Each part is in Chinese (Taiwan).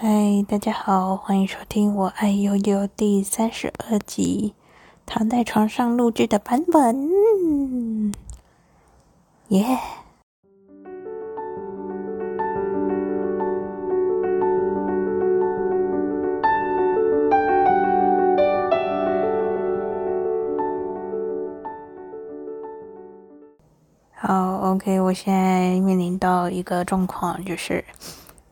嗨，大家好，歡迎收聽我愛憂憂第三十二集躺在床上錄製的版本，耶！好，OK，我現在面臨到一個狀況，就是。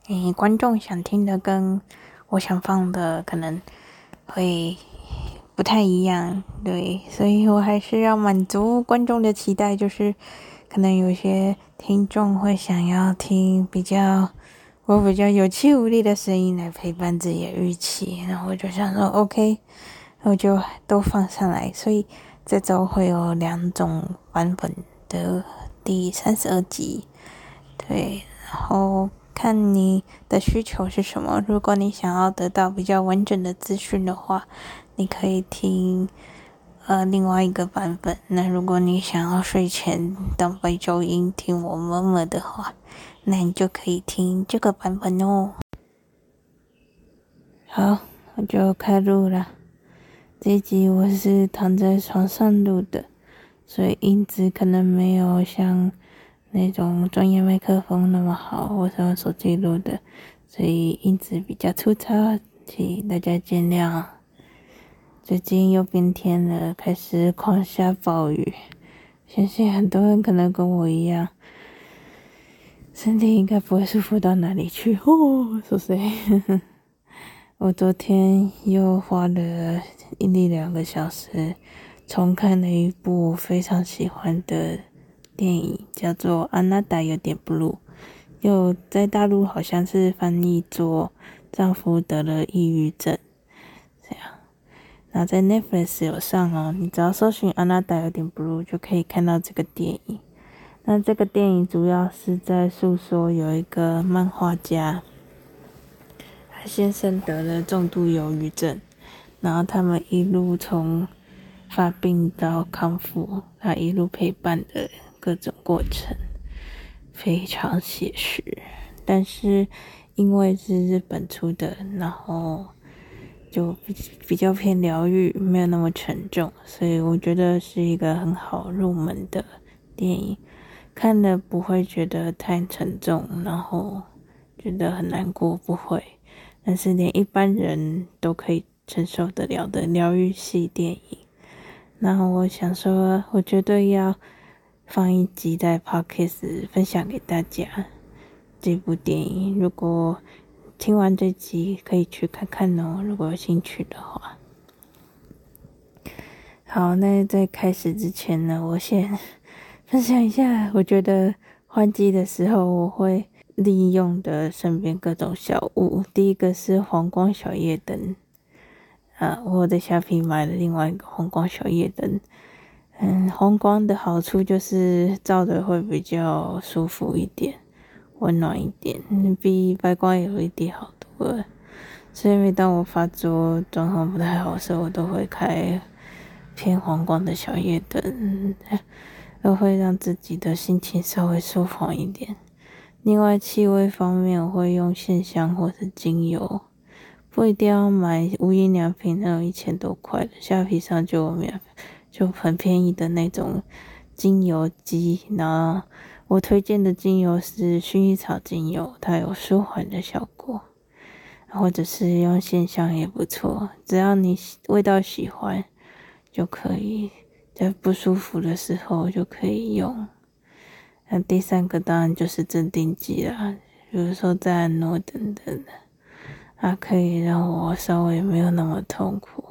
嗯，觀眾想聽的跟我想放的可能會不太一樣，對，所以我還是要滿足觀眾的期待，就是可能有些聽眾會想要聽比較我比較有氣無力的聲音來陪伴自己的預期，然後我就想說 OK，我就都放上來，所以這周會有兩種版本的第三十二集，對，然後。看你的需求是什麼。如果你想要得到比較完整的資訊的話，你可以聽呃另外一個版本。那如果你想要睡前當白噪音聽我媽媽的話，那你就可以聽這個版本哦。好，我就開錄了。這一集我是躺在床上錄的，所以音質可能沒有像。那種專業麥克風那麼好，我才用手機錄的，所以音質比較粗糙，請大家見諒。最近又變天了，開始狂下暴雨，相信很多人可能跟我一樣，身體應該不會舒服到哪裡去。哦，是誰？ 我昨天又花了一,一兩個小時重看了一部非常喜歡的。電影叫做《阿娜答有點 blue》，又在大陸好像是翻譯做“丈夫得了抑鬱症”這樣。然後在 Netflix 有上哦、啊，你只要搜尋“阿娜答有點 blue” 就可以看到這個電影。那這個電影主要是在訴說有一個漫畫家，他先生得了重度憂鬱症，然後他們一路從發病到康復，他一路陪伴的。各種過程非常寫實，但是因為是日本出的，然後就比較偏療癒，沒有那麼沉重，所以我覺得是一個很好入門的電影，看了不會覺得太沉重，然後覺得很難過，不會，但是連一般人都可以承受得了的療癒系電影。然後我想說，我絕對要。放一集在 Podcast 分享給大家，這部電影如果聽完這集可以去看看哦，如果有興趣的話。好，那在開始之前呢，我先分享一下，我覺得換季的時候我會利用的身邊各種小物。第一個是黃光小夜燈，啊，我的 s h 買了另外一個黃光小夜燈。嗯，黃光的好處就是照的會比較舒服一點，溫暖一點，嗯、比白光有一點好多了。所以每當我發作狀況不太好的時候，我都會開偏黃光的小夜燈，嗯、都會讓自己的心情稍微舒緩一點。另外，氣味方面，我會用線香或者精油，不一定要買無印良品那種一千多塊的，蝦皮上就有兩就很便宜的那種精油機，然後我推薦的精油是薰衣草精油，它有舒緩的效果，或者是用線香也不錯，只要你味道喜歡就可以，在不舒服的時候就可以用。那第三個當然就是鎮定劑啦，比如說贊安諾等等的，它可以讓我稍微沒有那麼痛苦。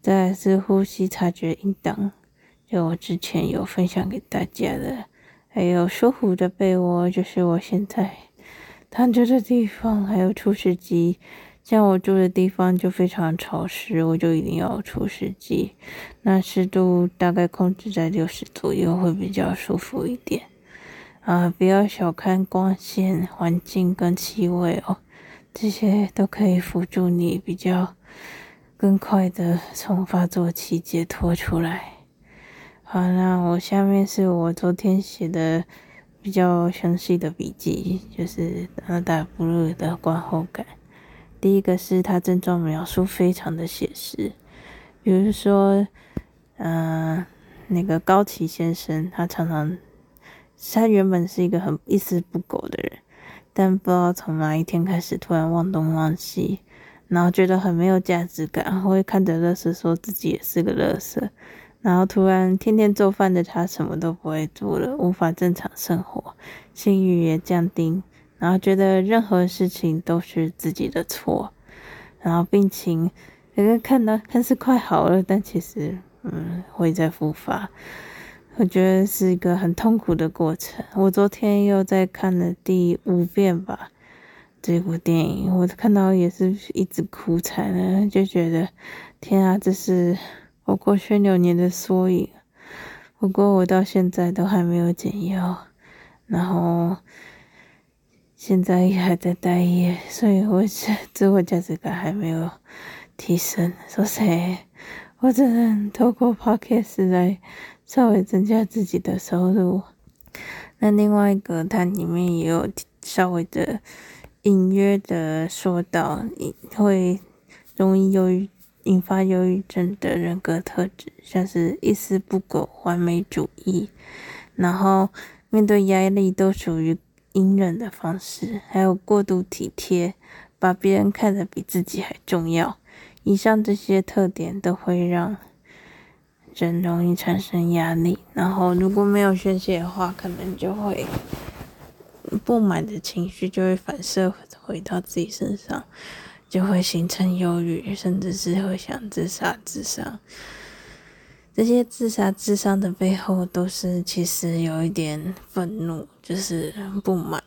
再來是呼吸察覺音檔，就我之前有分享給大家的，還有舒服的被窩，就是我現在躺着的地方，還有除濕機。像我住的地方就非常潮濕，我就一定要除濕機。那濕度大概控制在六十左右會比較舒服一點啊！不要小看光線、環境跟氣味哦，這些都可以輔助你比較，更快的從發作期解脫出來。好，那我下面是我昨天寫的比較詳細的筆記，就是《阿娜答有點 blue》的觀後感。第一個是他症狀描述非常的寫實，比如說，嗯、呃，那個高崎先生，他常常，他原本是一個很一絲不苟的人，但不知道從哪一天開始，突然忘東忘西。然後覺得很沒有價值感，會看着垃圾說自己也是個垃圾，然後突然天天做飯的他什麼都不會做了，無法正常生活，性欲也降低，然後覺得任何事情都是自己的錯，然後病情，人家看到看似快好了，但其實嗯會再復發，我覺得是一個很痛苦的過程。我昨天又在看了第五遍吧。這部電影我看到也是一直哭慘了，就覺得天啊，這是我過去六年的縮影。不過我到現在都還沒有減藥，然後現在也還在待業，所以我自我價值感還沒有提升。所以，我只能透過 Podcast 來稍微增加自己的收入。那另外一個，它裡面也有稍微的。隱約的說到，你會容易憂鬱、引發憂鬱症的人格特質，像是一絲不苟、完美主義，然後面對壓力都屬於隱忍的方式，還有過度體貼，把別人看得比自己還重要。以上這些特點都會讓人容易產生壓力，然後如果沒有宣洩的話，可能就會。不滿的情緒就會反射回到自己身上，就會形成憂鬱，甚至是會想自殺、自傷。這些自殺、自傷的背後，都是其實有一點憤怒，就是不滿，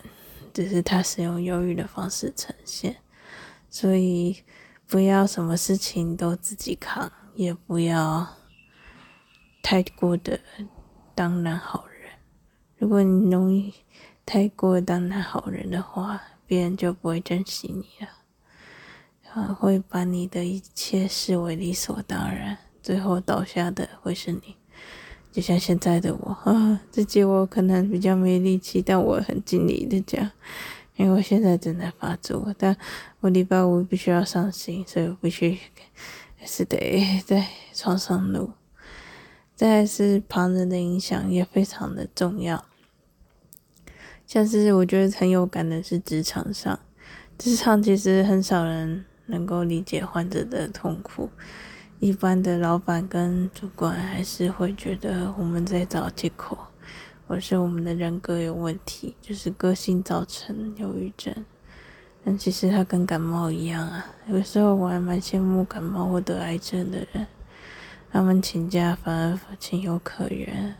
只、就是他是用憂鬱的方式呈現。所以，不要什麼事情都自己扛，也不要太過的當然好人。如果你容易，太過當那好人的話，別人就不會珍惜你了。啊，會把你的一切視為理所當然，最後倒下的會是你。就像現在的我啊，自己我可能比較沒力氣，但我很盡力的這樣，因為我現在正在發作，但我禮拜五必須要上新，所以我必須還是得在床上錄。再來是旁人的影響也非常的重要。像是我覺得很有感的是職場上，職場其實很少人能夠理解患者的痛苦，一般的老闆跟主管還是會覺得我們在找借口，或是我們的人格有問題，就是個性造成憂鬱症。但其實他跟感冒一樣啊，有時候我還蠻羨慕感冒或得癌症的人，他們請假反而情有可原。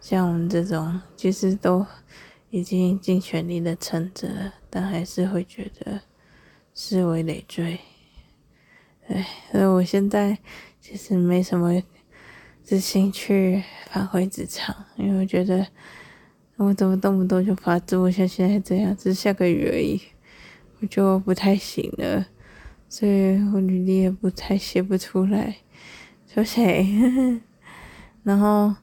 像我們這種，其實都。已經盡全力的撐着了，但還是會覺得視為累贅。哎，所以我現在其實沒什麼自信去返回職場，因為我覺得我怎麼動不動就發作，我像現在這樣，只是下個雨而已，我就不太行了，所以我履歷也不太寫不出來，哼哼。 然後。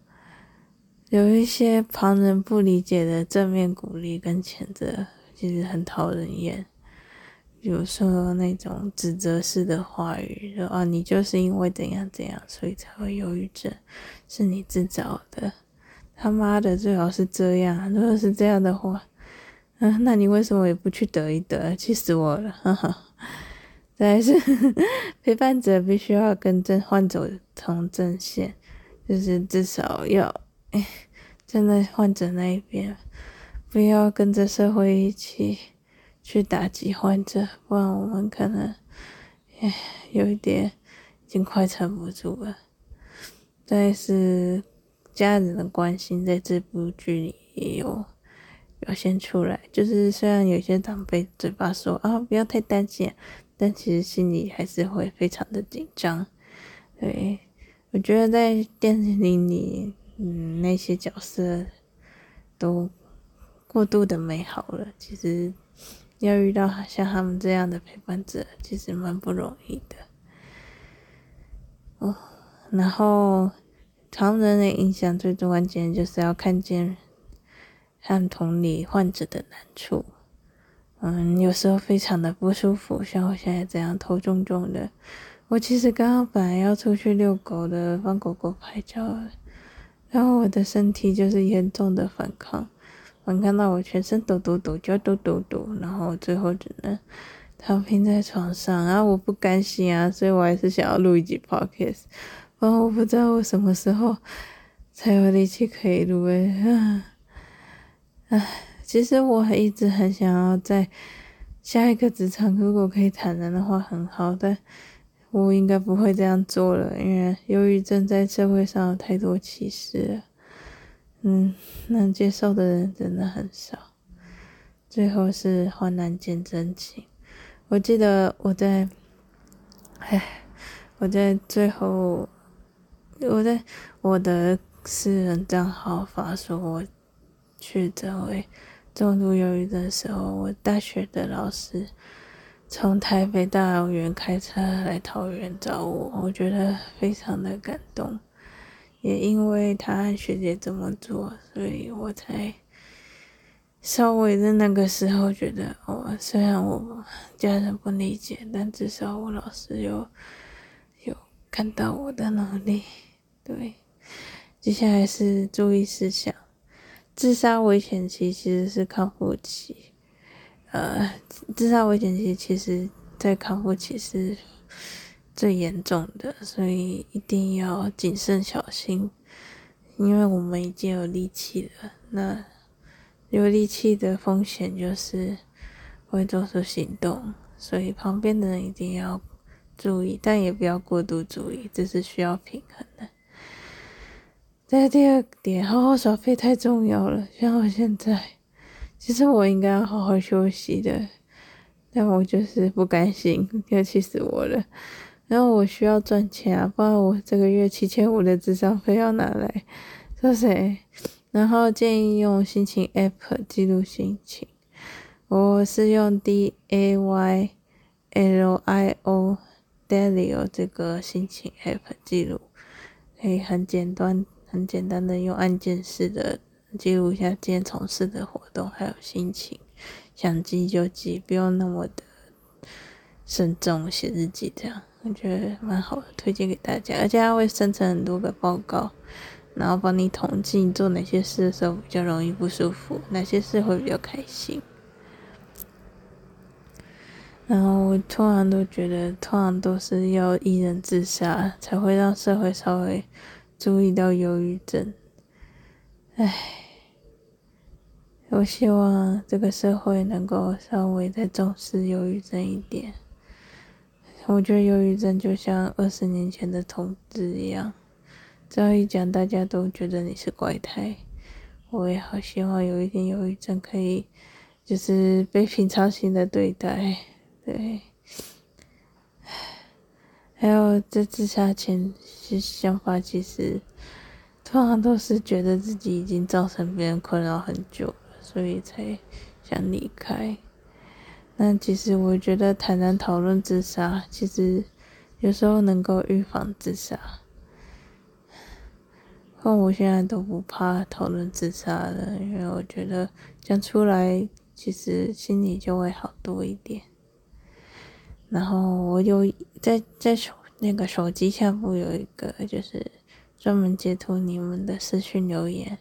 有一些旁人不理解的正面鼓勵跟譴責，其實很討人厭。比如說那種指責式的話語，說啊你就是因為怎樣怎樣，所以才會憂鬱症，是你自找的。他媽的，最好是這樣。如果是這樣的話，嗯、呃，那你為什麼也不去得一得？氣死我了！哈哈，但是呵呵陪伴者必須要跟症患者同陣線，就是至少要。站在患者那一邊，不要跟着社會一起去打擊患者，不然我們可能唉有一點已經快撐不住了。但是家人的關心在這部劇裡也有表現出來，就是雖然有些長輩嘴巴說啊不要太擔心，但其實心裡還是會非常的緊張。對，我覺得在電視裡你。嗯，那些角色都過度的美好了。其實要遇到像他們這樣的陪伴者，其實蠻不容易的。哦，然後旁人的影響，最最關鍵的就是要看見看同理患者的難處。嗯，有時候非常的不舒服，像我現在這樣頭重重的。我其實剛剛本來要出去遛狗的，幫狗狗拍照。然後我的身體就是嚴重的反抗，反抗到我全身抖抖抖，就抖抖抖，然後最後只能躺平在床上。然後，啊，我不甘心啊，所以我還是想要錄一集 podcast。然後我不知道我什麼時候才有力氣可以錄哎。唉，其實我還一直很想要在下一個職場，如果可以坦然的話，很好但。我應該不會這樣做了，因為憂鬱症在社會上有太多歧視了。嗯，能接受的人真的很少。最後是患難見真情。我記得我在，唉，我在最後，我在我的私人賬號發說，我確診為重度憂鬱症的時候，我大學的老師。從台北大老遠開車來桃園找我，我覺得非常的感動。也因為他和學姐這麼做，所以我才稍微的那個時候覺得，哦，雖然我家人不理解，但至少我老師有有看到我的能力。對，接下來是注意事項。自殺危險期其實是康復期。呃，自殺危險期其實，在康復期是最嚴重的，所以一定要謹慎小心。因為我們已經有力氣了，那有力氣的風險就是會做出行動，所以旁邊的人一定要注意，但也不要過度注意，這是需要平衡的。在第二點，好好耍廢太重要了，像我現在。其實我應該要好好休息的，但我就是不甘心，要氣死我了。然後我需要賺錢啊，不然我這個月七千五的諮商費要哪來？是誰？然後建議用心情 App 記錄心情，我是用 Daylio Daylio 這個心情 App 記錄，可以很簡單、很簡單的用按鍵式的。記錄一下今天從事的活動還有心情，想記就記，不用那麼的慎重寫日記，這樣我覺得蠻好的，推薦給大家。而且它會生成很多個報告，然後幫你統計做哪些事的時候比較容易不舒服，哪些事會比較開心。然後我突然都覺得，通常都是要有人自殺才會讓社會稍微注意到憂鬱症，唉。我希望這個社會能夠稍微再重視憂鬱症一點。我覺得憂鬱症就像二十年前的同志一樣，只要一講，大家都覺得你是怪胎。我也好希望有一天憂鬱症可以，就是被平常心的對待。對，還有這自殺前的想法，其實通常都是覺得自己已經造成別人困擾很久。所以才想離開。那其實我覺得坦然討論自殺，其實有時候能夠預防自殺。那我現在都不怕討論自殺了，因為我覺得講出來，其實心裡就會好多一點。然後我有在在手那個手機下部有一個，就是專門截圖你們的私訊留言。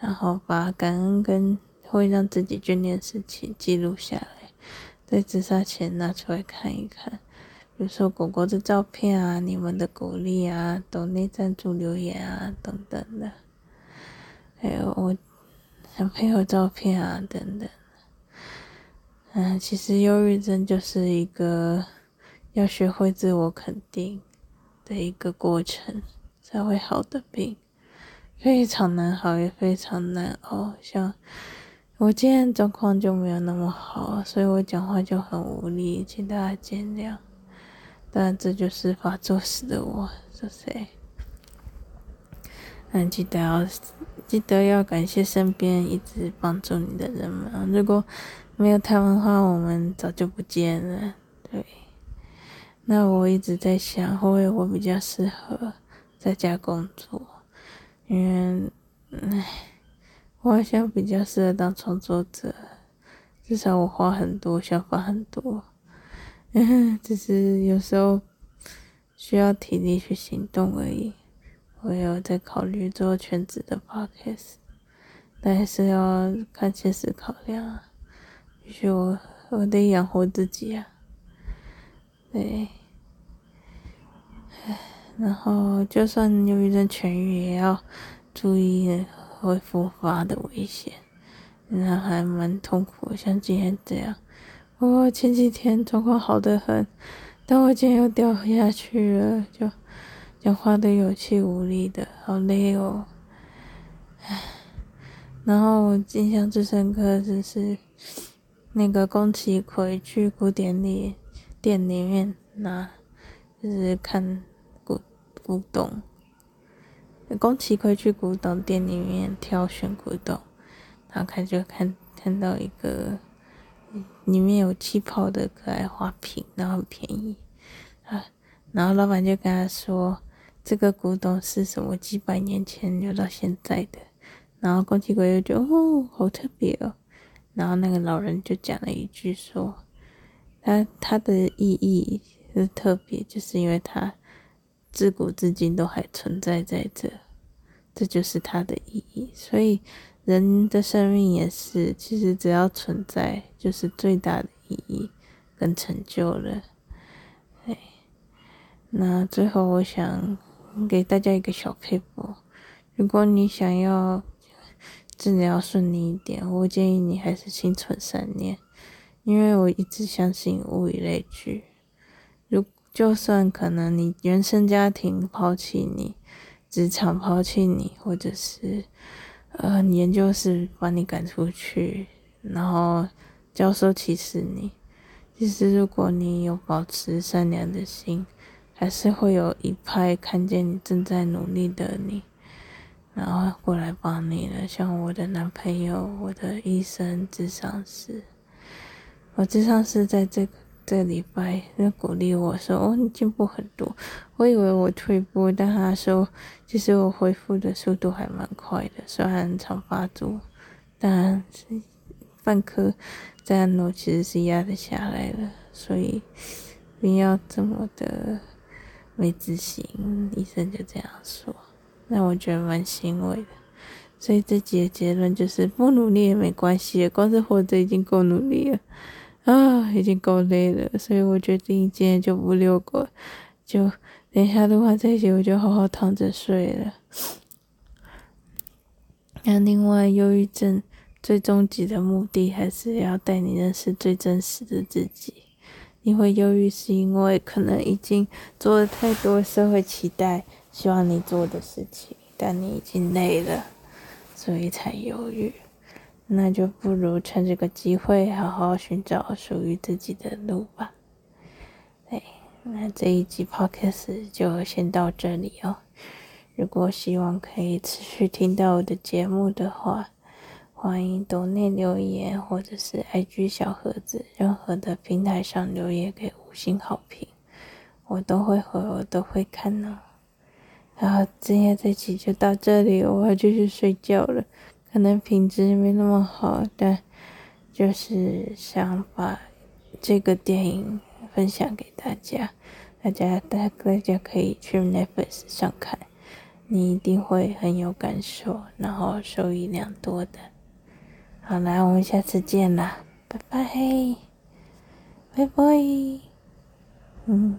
然後把感恩跟會讓自己眷戀的事情記錄下來，在自殺前拿出來看一看，比如說狗狗的照片啊、你們的鼓勵啊、抖內贊助留言啊等等的，還有我男朋友照片啊等等。嗯，其實憂鬱症就是一個要學會自我肯定的一個過程才會好的病。非常難熬，也非常難熬。像我今天狀況就沒有那麼好，所以我講話就很無力，請大家見諒。但這就是發作時的我，是誰？那記得要記得要感謝身邊一直幫助你的人們。如果沒有他們的話，我們早就不見了。對。那我一直在想，會不會我比較適合在家工作？因為，唉，我好像比較適合當創作者，至少我畫很多，想法很多，嗯，只是有時候需要體力去行動而已。我也有在考慮做全職的畫師，但還是要看現實考量啊，畢竟我我得養活自己啊，對，唉。然後，就算抑鬱症痊癒，也要注意會復發的危險。那還蠻痛苦，像今天這樣。我、哦、前幾天狀況好得很，但我今天又掉下去了，就講話都有氣無力的，好累哦。唉，然後我印象最深刻就是那個宮崎葵去古典里店裡面拿，就是看。古董，宮崎葵去古董店裡面挑選古董，然後看就看看到一個裡面有氣泡的可愛花瓶，然後很便宜啊。然後老闆就跟他說：“這個古董是什麼？幾百年前留到現在的。”然後宮崎葵又覺得哦，好特別哦。然後那個老人就講了一句說：“他他的意義是特別，就是因為他。”自古至今都還存在在這，這就是它的意義。所以，人的生命也是，其實只要存在，就是最大的意義跟成就了。哎，那最後我想給大家一個小科普：如果你想要治療順利一點，我建議你還是心存善念，因為我一直相信物以類聚。就算可能你原生家庭拋棄你，職場拋棄你，或者是呃你研究室把你趕出去，然後教授歧視你，其實如果你有保持善良的心，還是會有一派看見你正在努力的你，然後過來幫你了。像我的男朋友，我的醫生，諮商師，我、哦、諮商師在這個。這禮拜，他鼓勵我說：“哦，你進步很多。我以為我退步，但他說其實、就是、我恢復的速度還蠻快的。雖然常發作，但半顆贊安諾其實是壓得下來了。所以不要這麼的沒自信。”醫生就這樣說，那我覺得蠻欣慰的。所以這集的結論就是，不努力也沒關係，光是活着已經夠努力了。啊，已經夠累了，所以我決定今天就不遛狗，就等一下錄完這些，我就好好躺着睡了。那、啊、另外，憂鬱症最終極的目的，還是要帶你認識最真實的自己。你會憂鬱，是因為可能已經做了太多社會期待希望你做的事情，但你已經累了，所以才憂鬱。那就不如趁這個機會好好尋找屬於自己的路吧。對，那這一集 Podcast 就先到這裡哦。如果希望可以持續聽到我的節目的話，歡迎抖內留言或者是 IG 小盒子任何的平台上留言給五星好評，我都會回，我都會看哦。然後今天這集就到這裡，我要繼續睡覺了。可能品質沒那麼好，但就是想把這個電影分享給大家，大家大家可以去 Netflix 上看，你一定會很有感受，然後受益良多的。好啦，我們下次見啦，拜拜，拜拜，嗯。